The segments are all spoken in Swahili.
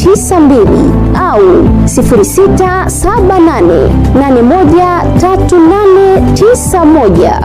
92 au moja.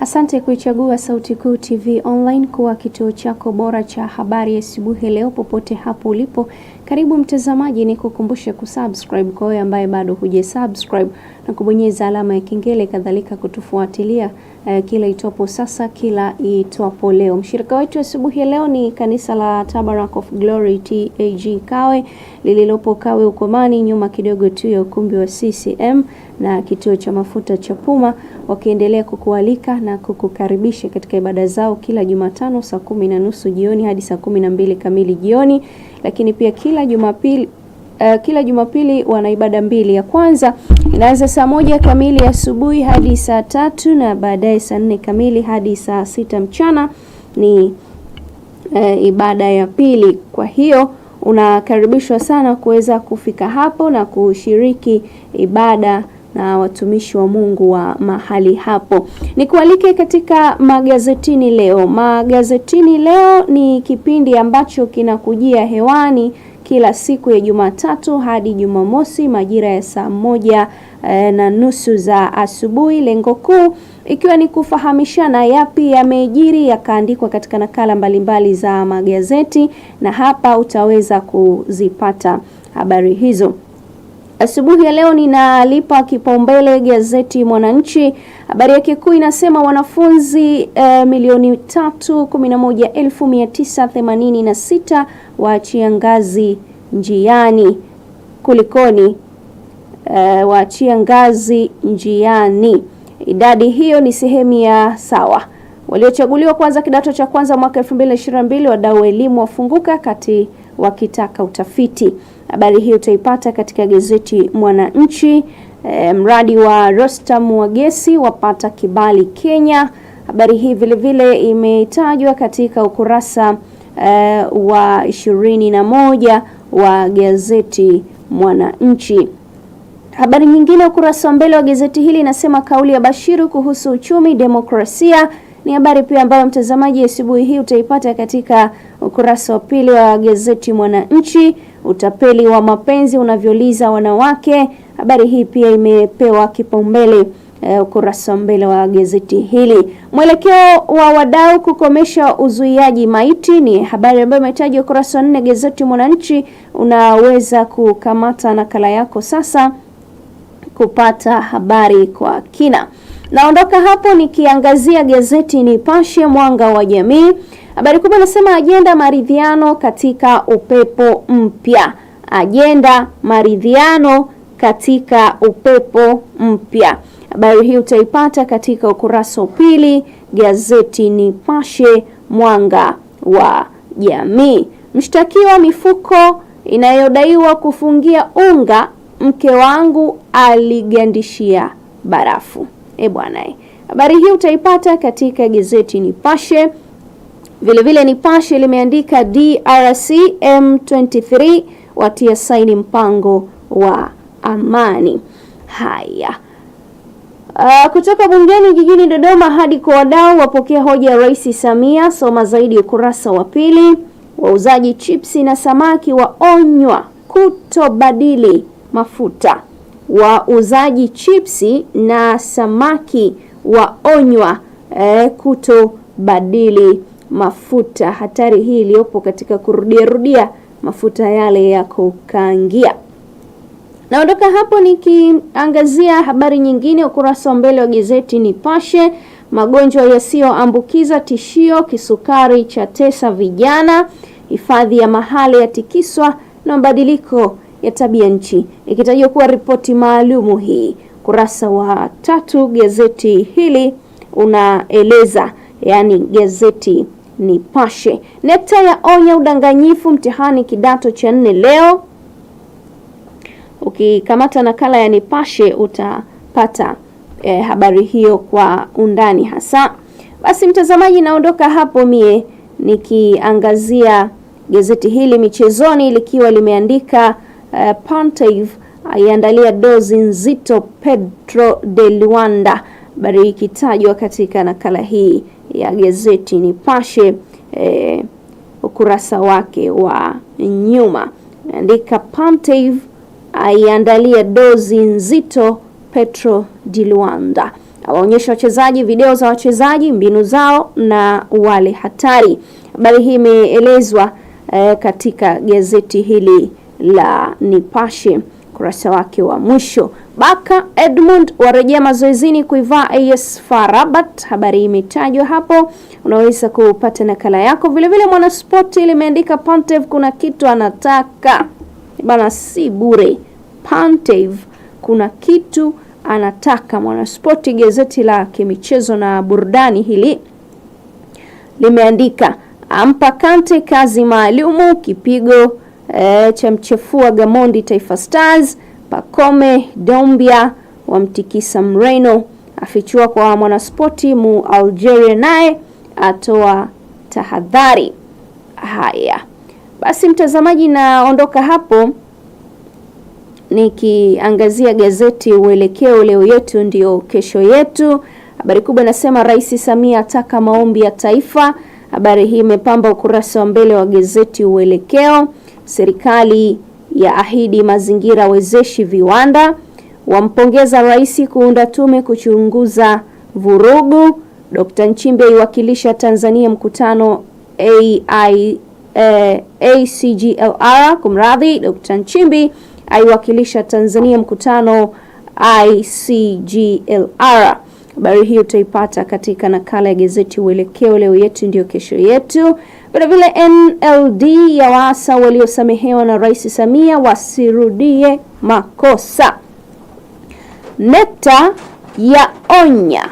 Asante kuichagua Sauti Kuu TV Online kuwa kituo chako bora cha habari asubuhi leo, popote hapo ulipo. Karibu mtazamaji, ni kukumbushe kusubscribe kwa wewe ambaye bado hujasubscribe na kubonyeza alama ya kengele, kadhalika kutufuatilia eh, kila itwapo sasa, kila itwapo leo. Mshirika wetu asubuhi ya leo ni kanisa la Tabernacle of Glory TAG Kawe lililopo Kawe Ukomani, nyuma kidogo tu ya ukumbi wa CCM na kituo cha mafuta cha Puma, wakiendelea kukualika na kukukaribisha katika ibada zao kila Jumatano saa kumi na nusu jioni hadi saa kumi na mbili kamili jioni, lakini pia kila Jumapili uh, kila Jumapili wana ibada mbili. Ya kwanza inaanza saa moja kamili asubuhi hadi saa tatu na baadaye saa nne kamili hadi saa sita mchana ni uh, ibada ya pili. Kwa hiyo unakaribishwa sana kuweza kufika hapo na kushiriki ibada na watumishi wa Mungu wa mahali hapo. Nikualike katika magazetini leo. Magazetini leo ni kipindi ambacho kinakujia hewani kila siku ya Jumatatu hadi Jumamosi majira ya saa moja e, na nusu za asubuhi, lengo kuu ikiwa ni kufahamishana yapi yamejiri yakaandikwa katika nakala mbalimbali za magazeti, na hapa utaweza kuzipata habari hizo. Asubuhi ya leo ninalipa kipaumbele gazeti Mwananchi. Habari yake kuu inasema wanafunzi eh, milioni tatu kumi elfu mia tisa themanini na sita waachia ngazi njiani. Kulikoni eh, waachia ngazi njiani. Idadi hiyo ni sehemu ya sawa waliochaguliwa kwanza kidato cha kwanza mwaka 2022 wadau wa elimu wafunguka kati wakitaka utafiti. Habari hii utaipata katika gazeti Mwananchi. E, mradi wa Rostam wa gesi wapata kibali Kenya. Habari hii vilevile imetajwa katika ukurasa e, wa ishirini na moja wa gazeti Mwananchi. Habari nyingine ukurasa wa mbele wa gazeti hili inasema kauli ya Bashiru kuhusu uchumi, demokrasia ni habari pia ambayo mtazamaji, asubuhi hii utaipata katika ukurasa wa pili wa gazeti Mwananchi, utapeli wa mapenzi unavyoliza wanawake. Habari hii pia imepewa kipaumbele Uh, ukurasa wa mbele wa gazeti hili. Mwelekeo wa wadau kukomesha uzuiaji maiti ni habari ambayo imetajwa ukurasa wa nne gazeti Mwananchi. Unaweza kukamata nakala yako sasa kupata habari kwa kina. Naondoka hapo nikiangazia gazeti Nipashe mwanga wa jamii. Habari kubwa nasema ajenda maridhiano katika upepo mpya. Ajenda maridhiano katika upepo mpya. Habari hii utaipata katika ukurasa wa pili gazeti Nipashe mwanga wa jamii. Mshtakiwa mifuko inayodaiwa kufungia unga mke wangu aligandishia barafu. E bwana, habari hii utaipata katika gazeti Nipashe. Vilevile Nipashe limeandika DRC M23 watia saini mpango wa amani. Haya. Uh, kutoka bungeni jijini Dodoma hadi kwa wadau wapokea hoja ya Rais Samia. Soma zaidi ukurasa wa pili. Wauzaji chipsi na samaki waonywa kutobadili mafuta wauzaji chipsi na samaki waonywa eh, kutobadili mafuta. Hatari hii iliyopo katika kurudiarudia mafuta yale ya kukaangia. Naondoka hapo nikiangazia habari nyingine ukurasa wa mbele wa gazeti Nipashe. Magonjwa yasiyoambukiza tishio, kisukari cha tesa vijana, hifadhi ya Mahale yatikiswa na mabadiliko ya tabia nchi, ikitajwa kuwa ripoti maalumu hii. Kurasa wa tatu gazeti hili unaeleza, yani gazeti Nipashe. NECTA ya onya udanganyifu mtihani kidato cha nne leo. Ukikamata nakala ya Nipashe utapata eh, habari hiyo kwa undani hasa. Basi mtazamaji, naondoka hapo mie nikiangazia gazeti hili michezoni, likiwa limeandika uh, aiandalia dozi nzito Pedro de Luanda, habari hii ikitajwa katika nakala hii ya gazeti Nipashe eh, ukurasa wake wa nyuma andika Ponteve aiandalia dozi nzito petro de Luanda, awaonyesha wachezaji video za wachezaji, mbinu zao na wale hatari. Habari hii imeelezwa eh, katika gazeti hili la Nipashe kurasa wake wa mwisho. Baka Edmund warejea mazoezini kuivaa AS FAR Rabat. Habari hii imetajwa hapo, unaweza kupata nakala yako vilevile. Mwanaspoti limeandika Pantev kuna kitu anataka bana, si bure. Pantev kuna kitu anataka. Mwanaspoti gazeti la kimichezo na burudani hili limeandika ampa Kante kazi maalumu, kipigo e, cha mchefua Gamondi Taifa Stars. dombia Doumbia wamtikisa Mreno, afichua kwa mwanaspoti mu Algeria, naye atoa tahadhari. Haya basi, mtazamaji, naondoka hapo nikiangazia gazeti Uelekeo, leo yetu ndio kesho yetu. Habari kubwa inasema Rais Samia ataka maombi ya taifa. Habari hii imepamba ukurasa wa mbele wa gazeti Uelekeo. Serikali ya ahidi mazingira wezeshi viwanda. Wampongeza rais kuunda tume kuchunguza vurugu. Dr. Nchimbi aiwakilisha Tanzania mkutano AI, eh, ACGLR. Kumradhi, Dr. Nchimbi aiwakilisha Tanzania mkutano ICGLR. Habari hii utaipata katika nakala ya gazeti Uelekeo, leo yetu ndio kesho yetu. Vilevile NLD ya waasa waliosamehewa na Rais Samia wasirudie makosa. NECTA ya onya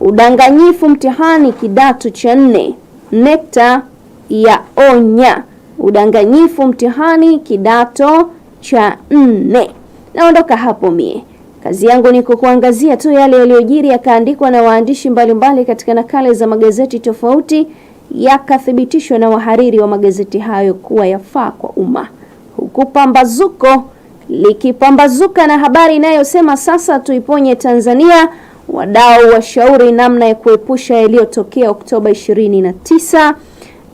udanganyifu mtihani kidato cha nne. NECTA ya onya udanganyifu mtihani kidato cha nne. Naondoka hapo mie Kazi yangu ni kukuangazia tu yale yaliyojiri yakaandikwa na waandishi mbalimbali katika nakala za magazeti tofauti, yakathibitishwa na wahariri wa magazeti hayo kuwa yafaa kwa umma, huku pambazuko likipambazuka na habari inayosema sasa tuiponye Tanzania. Wadau washauri namna ya kuepusha yaliyotokea Oktoba 29.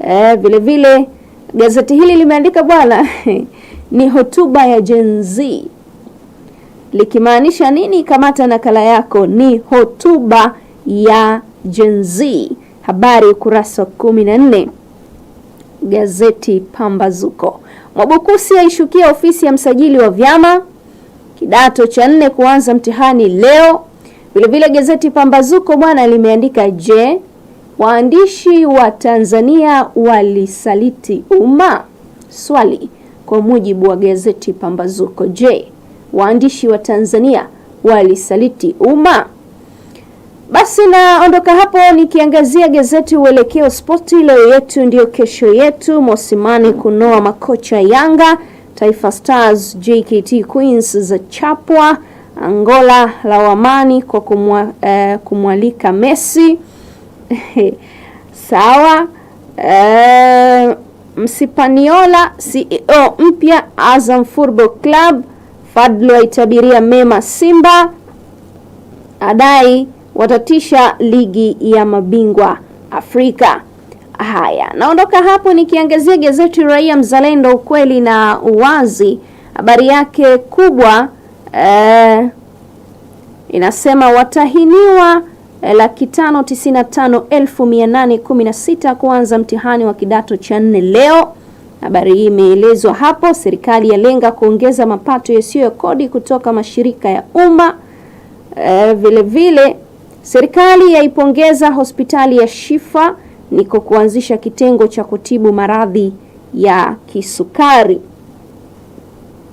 Eh, vile vile gazeti hili limeandika bwana ni hotuba ya Gen Z likimaanisha nini? Kamata nakala yako, ni hotuba ya Gen Z, habari ukurasa wa kumi gazeti Pambazuko. Mwabukusi aishukia ofisi ya msajili wa vyama. Kidato cha nne kuanza mtihani leo. Vilevile gazeti Pambazuko bwana limeandika je, waandishi wa Tanzania walisaliti umma? Swali kwa mujibu wa gazeti Pambazuko. Je, waandishi wa Tanzania walisaliti umma. Basi naondoka hapo nikiangazia gazeti Uelekeo Spoti, leo yetu ndio kesho yetu. Mosimane kunoa makocha Yanga, Taifa Stars, JKT Queens za chapwa Angola la wamani kwa kumwa, eh, kumwalika Messi sawa. Eh, Msipaniola CEO mpya Azam Football Club Fadlu aitabiria mema Simba, adai watatisha ligi ya mabingwa Afrika. Haya, naondoka hapo nikiangazia gazeti Raia Mzalendo, ukweli na uwazi. Habari yake kubwa eh, inasema watahiniwa eh, laki tano tisini na tano elfu mia nane kumi na sita kuanza mtihani wa kidato cha nne leo. Habari hii imeelezwa hapo. Serikali yalenga kuongeza mapato yasiyo ya kodi kutoka mashirika ya umma. E, vile vile serikali yaipongeza hospitali ya Shifa niko kuanzisha kitengo cha kutibu maradhi ya kisukari.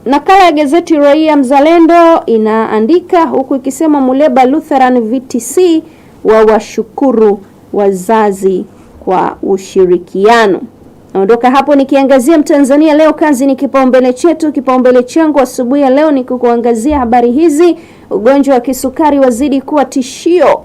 Nakala ya gazeti Raia Mzalendo inaandika huku ikisema Muleba Lutheran VTC wawashukuru wazazi kwa ushirikiano. Naondoka hapo nikiangazia Mtanzania leo. Kazi ni kipaumbele chetu, kipaumbele changu asubuhi ya leo ni kukuangazia habari hizi. Ugonjwa wa kisukari wazidi kuwa tishio,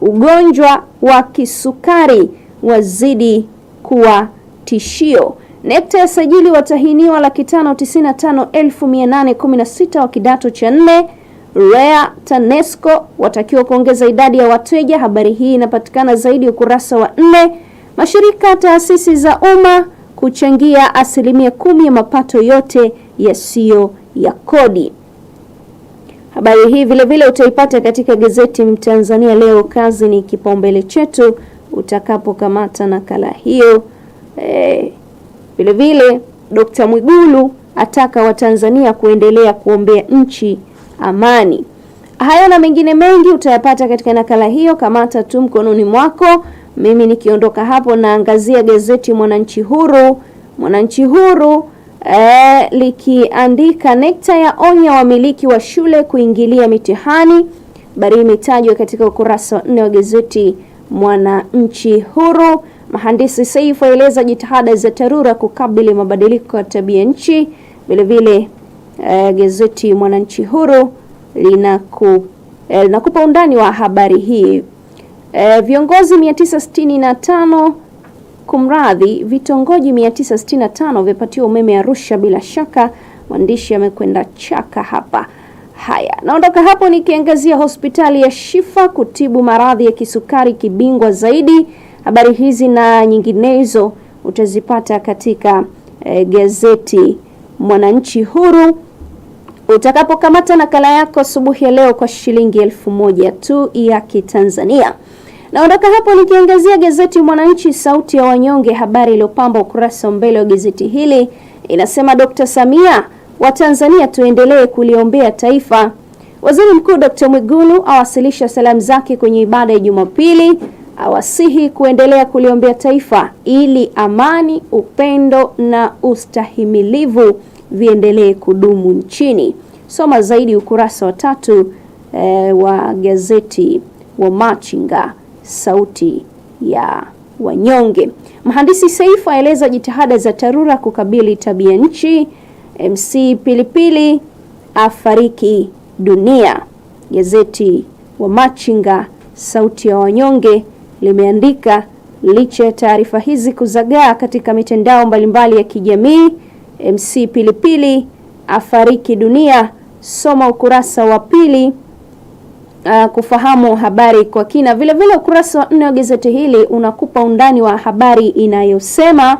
ugonjwa wa kisukari wazidi kuwa tishio. NECTA ya sajili watahiniwa laki tano tisini na tano elfu mia nane kumi na sita wa kidato cha nne. REA TANESCO watakiwa kuongeza idadi ya wateja. Habari hii inapatikana zaidi ukurasa wa nne mashirika, taasisi za umma kuchangia asilimia kumi ya mapato yote yasiyo ya kodi. Habari hii vilevile vile utaipata katika gazeti Mtanzania leo, kazi ni kipaumbele chetu, utakapokamata nakala hiyo. E, vilevile Dkt. Mwigulu ataka Watanzania kuendelea kuombea nchi amani. Hayo na mengine mengi utayapata katika nakala hiyo, kamata tu mkononi mwako. Mimi nikiondoka hapo naangazia gazeti Mwananchi Huru. Mwananchi Huru eh, likiandika NECTA ya onya wamiliki wa shule kuingilia mitihani. Habari hii imetajwa katika ukurasa wa nne wa gazeti Mwananchi Huru. Mhandisi saifu aeleza jitihada za TARURA kukabili mabadiliko ya tabia nchi. Vilevile eh, gazeti Mwananchi Huru linaku, eh, linakupa undani wa habari hii E, viongozi 965 kumradhi, vitongoji 965 vyapatiwa umeme Arusha. Bila shaka mwandishi amekwenda chaka hapa. Haya, naondoka hapo nikiangazia hospitali ya Shifa kutibu maradhi ya kisukari kibingwa zaidi. Habari hizi na nyinginezo utazipata katika e, gazeti Mwananchi Huru utakapokamata nakala yako asubuhi ya leo kwa shilingi elfu moja tu ya Kitanzania. Naondoka hapo nikiangazia gazeti Mwananchi sauti ya wanyonge. Habari iliyopamba ukurasa mbele wa gazeti hili inasema Dr. Samia, Watanzania tuendelee kuliombea taifa. Waziri Mkuu Dr. Mwigulu awasilisha salamu zake kwenye ibada ya Jumapili, awasihi kuendelea kuliombea taifa ili amani, upendo na ustahimilivu viendelee kudumu nchini. Soma zaidi ukurasa wa tatu eh, wa gazeti wa Machinga sauti ya wanyonge. Mhandisi saifu aeleza jitihada za TARURA kukabili tabia nchi. MC Pilipili afariki dunia. Gazeti wa Machinga sauti ya wanyonge limeandika licha ya taarifa hizi kuzagaa katika mitandao mbalimbali ya kijamii, MC Pilipili afariki dunia. Soma ukurasa wa pili uh, kufahamu habari kwa kina. Vilevile ukurasa wa nne wa gazeti hili unakupa undani wa habari inayosema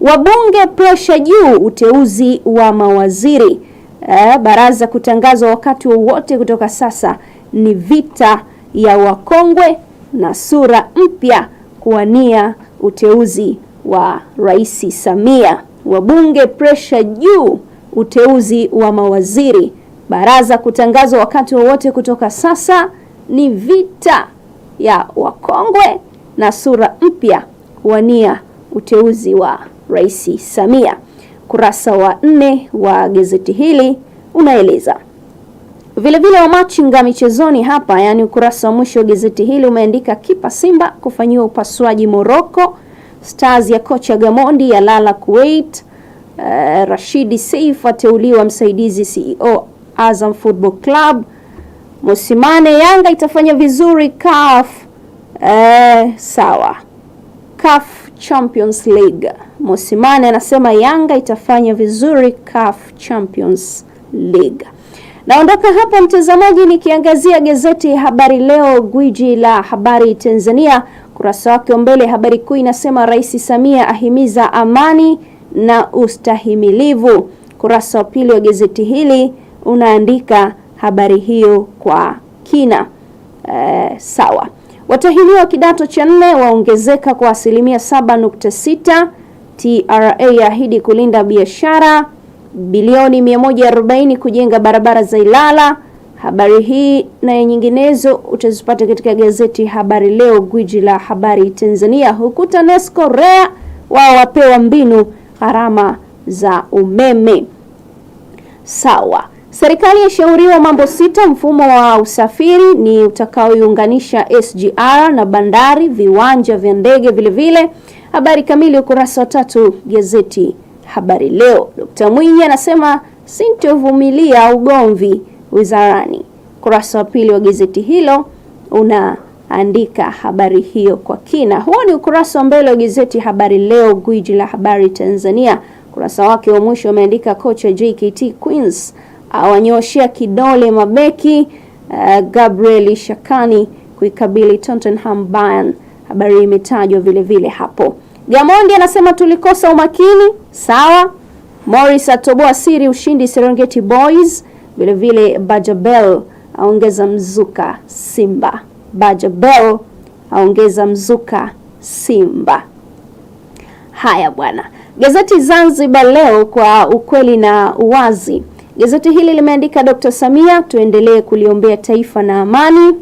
wabunge presha juu uteuzi wa mawaziri. Uh, baraza kutangazwa wakati wowote kutoka sasa. Ni vita ya wakongwe na sura mpya kuwania uteuzi wa Rais Samia. Wabunge presha juu uteuzi wa mawaziri. Baraza kutangazwa wakati wowote kutoka sasa ni vita ya wakongwe na sura mpya kuwania uteuzi wa Rais Samia. Kurasa wa nne wa gazeti hili unaeleza vilevile wamachinga michezoni hapa, yaani ukurasa wa mwisho wa gazeti hili umeandika kipa Simba kufanyiwa upasuaji Moroko, Stars ya kocha Gamondi ya lala Kuwait, uh, Rashidi Seif ateuliwa msaidizi CEO Azam Football Club. Musimane, Yanga itafanya vizuri CAF. Eh, sawa. CAF Champions League. Musimane anasema Yanga itafanya vizuri CAF Champions League. Naondoka hapa mtazamaji, nikiangazia gazeti Habari Leo, gwiji la habari Tanzania. Kurasa wake mbele, habari kuu inasema Rais Samia ahimiza amani na ustahimilivu. Kurasa wa pili wa gazeti hili unaandika habari hiyo kwa kina. E, sawa. Watahiniwa kidato cha nne waongezeka kwa asilimia 7.6. TRA yaahidi kulinda biashara. Bilioni 140 kujenga barabara za Ilala. Habari hii na nyinginezo utazipata katika gazeti Habari Leo, gwiji la habari Tanzania, huku TANESCO REA wao wapewa mbinu gharama za umeme. Sawa. Serikali yashauriwa mambo sita mfumo wa usafiri ni utakaoiunganisha SGR na bandari, viwanja vya ndege vilevile. Habari kamili ukurasa wa tatu gazeti Habari Leo. Dkt. Mwinyi anasema sintovumilia ugomvi wizarani. Ukurasa wa pili wa gazeti hilo unaandika habari hiyo kwa kina. Huo ni ukurasa wa mbele wa gazeti Habari Leo, gwiji la habari Tanzania. Ukurasa wake wa mwisho umeandika kocha JKT Queens awanyoshea ah, kidole mabeki uh, Gabriel Shakani kuikabili Tottenham Bayern. Habari imetajwa vile vile hapo. Gamondi anasema tulikosa umakini sawa. Morris atoboa siri ushindi Serengeti Boys. Vile vile Bajabel aongeza mzuka Simba. Bajabel aongeza mzuka Simba. Haya bwana, gazeti Zanzibar Leo kwa ukweli na uwazi Gazeti hili limeandika Dr. Samia, tuendelee kuliombea taifa na amani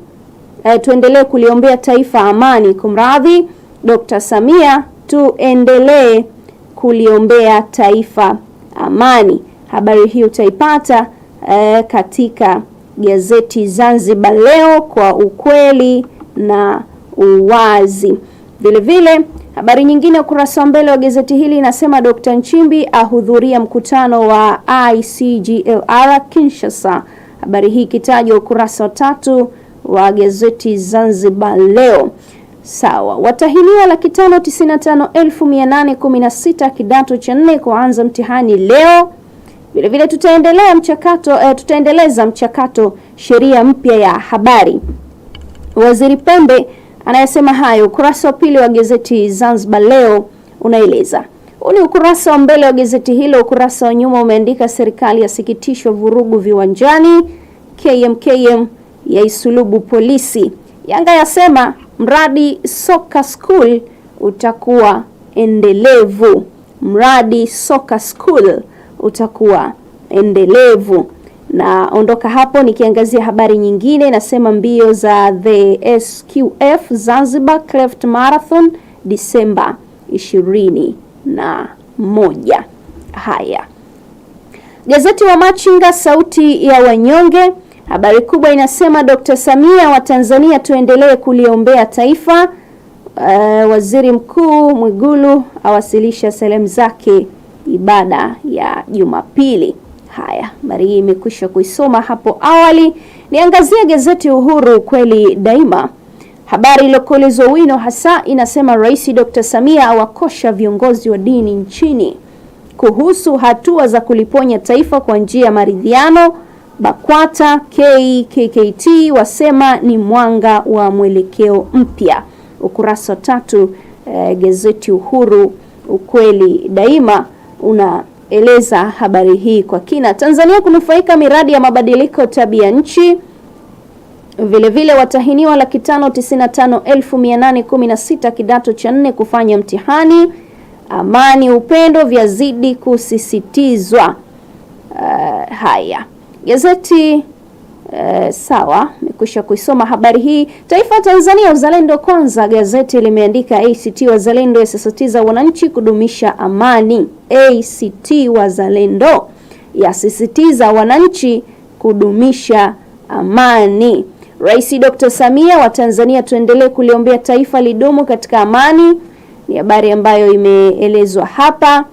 e, tuendelee kuliombea taifa amani. Kumradhi, Dr. Samia, tuendelee kuliombea taifa amani. Habari hii utaipata e, katika gazeti Zanzibar Leo kwa ukweli na uwazi vilevile vile, Habari nyingine ukurasa wa mbele wa gazeti hili inasema Dr. Nchimbi ahudhuria mkutano wa ICGLR Kinshasa. Habari hii ikitajwa ukurasa wa tatu wa gazeti Zanzibar Leo. Sawa, watahiniwa laki tano tisini na tano elfu mia nane kumi na sita kidato cha nne kuanza mtihani leo. Vilevile tutaendelea mchakato e, tutaendeleza mchakato sheria mpya ya habari. Waziri Pembe anayesema hayo. Ukurasa wa pili wa gazeti Zanzibar Leo unaeleza huu ni ukurasa wa mbele wa gazeti hilo. Ukurasa wa nyuma umeandika serikali yasikitishwa vurugu viwanjani, KMKM yaisulubu polisi, Yanga yasema mradi soka school utakuwa endelevu, mradi soka school utakuwa endelevu. Naondoka hapo nikiangazia habari nyingine, inasema mbio za the SQF Zanzibar Cleft Marathon Disemba 21 na moja. Haya, gazeti wa Machinga, sauti ya wanyonge, habari kubwa inasema Dr. Samia wa Tanzania, tuendelee kuliombea taifa. Uh, waziri mkuu Mwigulu awasilisha salamu zake ibada ya Jumapili. Haya, hii imekwisha kuisoma hapo awali. Niangazie gazeti Uhuru kweli daima, habari iliyokolezwa wino hasa inasema Rais Dr. Samia awakosha viongozi wa dini nchini kuhusu hatua za kuliponya taifa kwa njia ya maridhiano. BAKWATA KKKT wasema ni mwanga wa mwelekeo mpya, ukurasa wa tatu. Eh, gazeti Uhuru ukweli daima una eleza habari hii kwa kina. Tanzania kunufaika miradi ya mabadiliko tabia nchi. Vilevile watahiniwa laki tano tisini na tano elfu mia nane kumi na sita kidato cha nne kufanya mtihani. Amani, upendo vyazidi kusisitizwa. Uh, haya gazeti E, sawa mekwisha kuisoma habari hii. Taifa Tanzania, uzalendo kwanza, gazeti limeandika ACT Wazalendo yasisitiza wananchi kudumisha amani. ACT Wazalendo yasisitiza wananchi kudumisha amani. Rais Dr. Samia wa Tanzania, tuendelee kuliombea taifa lidumu katika amani, ni habari ambayo imeelezwa hapa.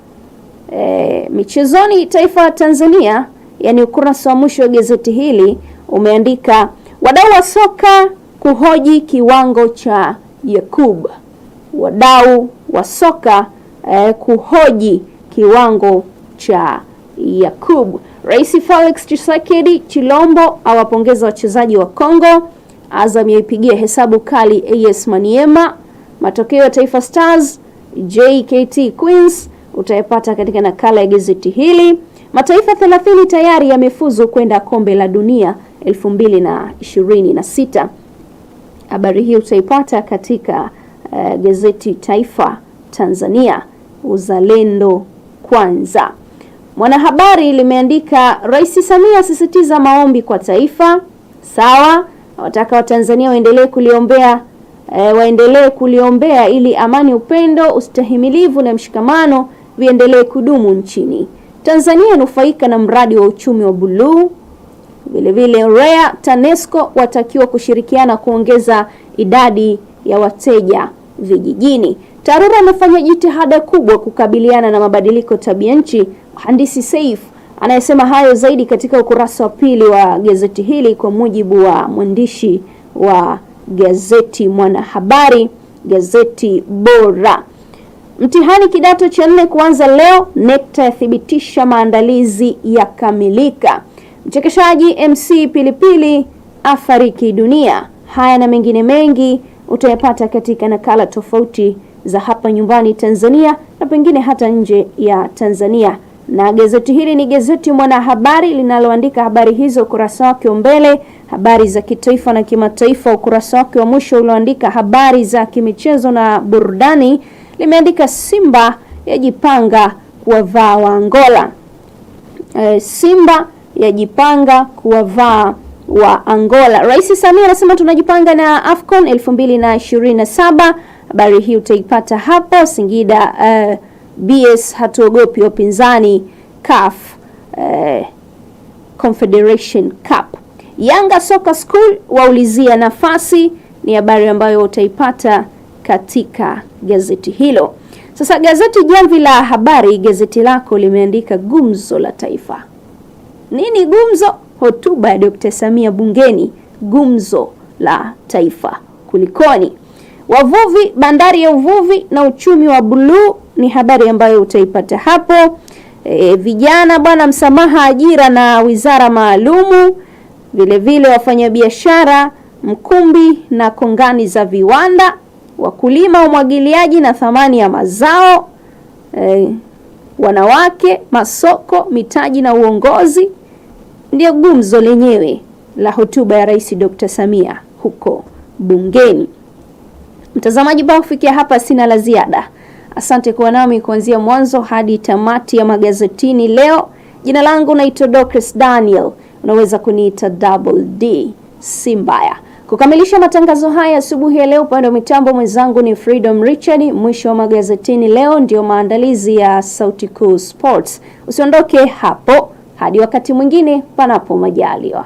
E, michezoni, Taifa Tanzania, yani ukurasa wa mwisho wa gazeti hili umeandika wadau wa soka kuhoji kiwango cha Yakub, wadau wa soka eh, kuhoji kiwango cha Yakub. Rais Felix Tshisekedi Chilombo awapongeza wachezaji wa Kongo. Azam yaipigia hesabu kali AS Maniema. Matokeo ya Taifa Stars JKT Queens utayapata katika nakala ya gazeti hili. Mataifa 30 tayari yamefuzu kwenda kombe la dunia 2026. Habari hii utaipata katika uh, gazeti Taifa Tanzania Uzalendo Kwanza. Mwanahabari limeandika Rais Samia asisitiza maombi kwa taifa. Sawa, wataka Watanzania waendelee kuliombea e, waendelee kuliombea ili amani, upendo, ustahimilivu na mshikamano viendelee kudumu nchini. Tanzania inufaika na mradi wa uchumi wa buluu. Vilevile REA, TANESCO watakiwa kushirikiana kuongeza idadi ya wateja vijijini. TARURA amefanya jitihada kubwa kukabiliana na mabadiliko tabia nchi. Mhandisi Saif anayesema hayo zaidi katika ukurasa wa pili wa gazeti hili, kwa mujibu wa mwandishi wa gazeti Mwanahabari, gazeti bora. Mtihani kidato cha nne kuanza leo, NECTA yathibitisha maandalizi yakamilika. Mchekeshaji MC Pilipili afariki dunia. Haya na mengine mengi utayapata katika nakala tofauti za hapa nyumbani Tanzania na pengine hata nje ya Tanzania. Na gazeti hili ni gazeti Mwanahabari linaloandika habari hizo ukurasa wake wa mbele, habari za kitaifa na kimataifa. Ukurasa wake wa mwisho ulioandika habari za kimichezo na burudani limeandika Simba yajipanga kuwavaa Angola. E, eh, Simba yajipanga kuwavaa wa Angola. Rais Samia anasema tunajipanga na AFCON 2027. Habari hii utaipata hapo Singida. Uh, eh, BS hatuogopi wapinzani CAF uh, Confederation Cup. Yanga Soccer School waulizia nafasi, ni habari ambayo utaipata katika gazeti hilo. Sasa gazeti Jamvi la Habari, gazeti lako limeandika gumzo la taifa. Nini gumzo? Hotuba ya Dkt. Samia bungeni, gumzo la taifa. Kulikoni? Wavuvi, bandari ya uvuvi na uchumi wa buluu ni habari ambayo utaipata hapo. E, vijana bwana, msamaha ajira na wizara maalumu, vilevile wafanyabiashara, mkumbi na kongani za viwanda, wakulima, umwagiliaji na thamani ya mazao e, wanawake, masoko, mitaji na uongozi ndio gumzo lenyewe la hotuba ya Rais Dr. Samia huko bungeni. Mtazamaji, bado kufikia hapa sina la ziada. Asante kuwa nami kuanzia mwanzo hadi tamati ya magazetini leo. Jina langu naitwa Dorcas Daniel, unaweza kuniita Double D, si mbaya. Kukamilisha matangazo haya asubuhi ya leo, upande wa mitambo mwenzangu ni Freedom Richard. Mwisho wa magazetini leo ndio maandalizi ya Sauti Kuu Sports. Usiondoke hapo hadi wakati mwingine, panapo majaliwa.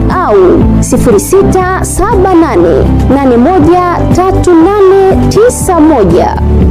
au 0678813891.